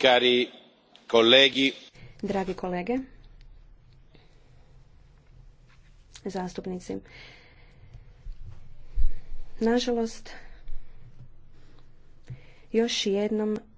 Dragi kolege, zastupnici, nažalost, još jednom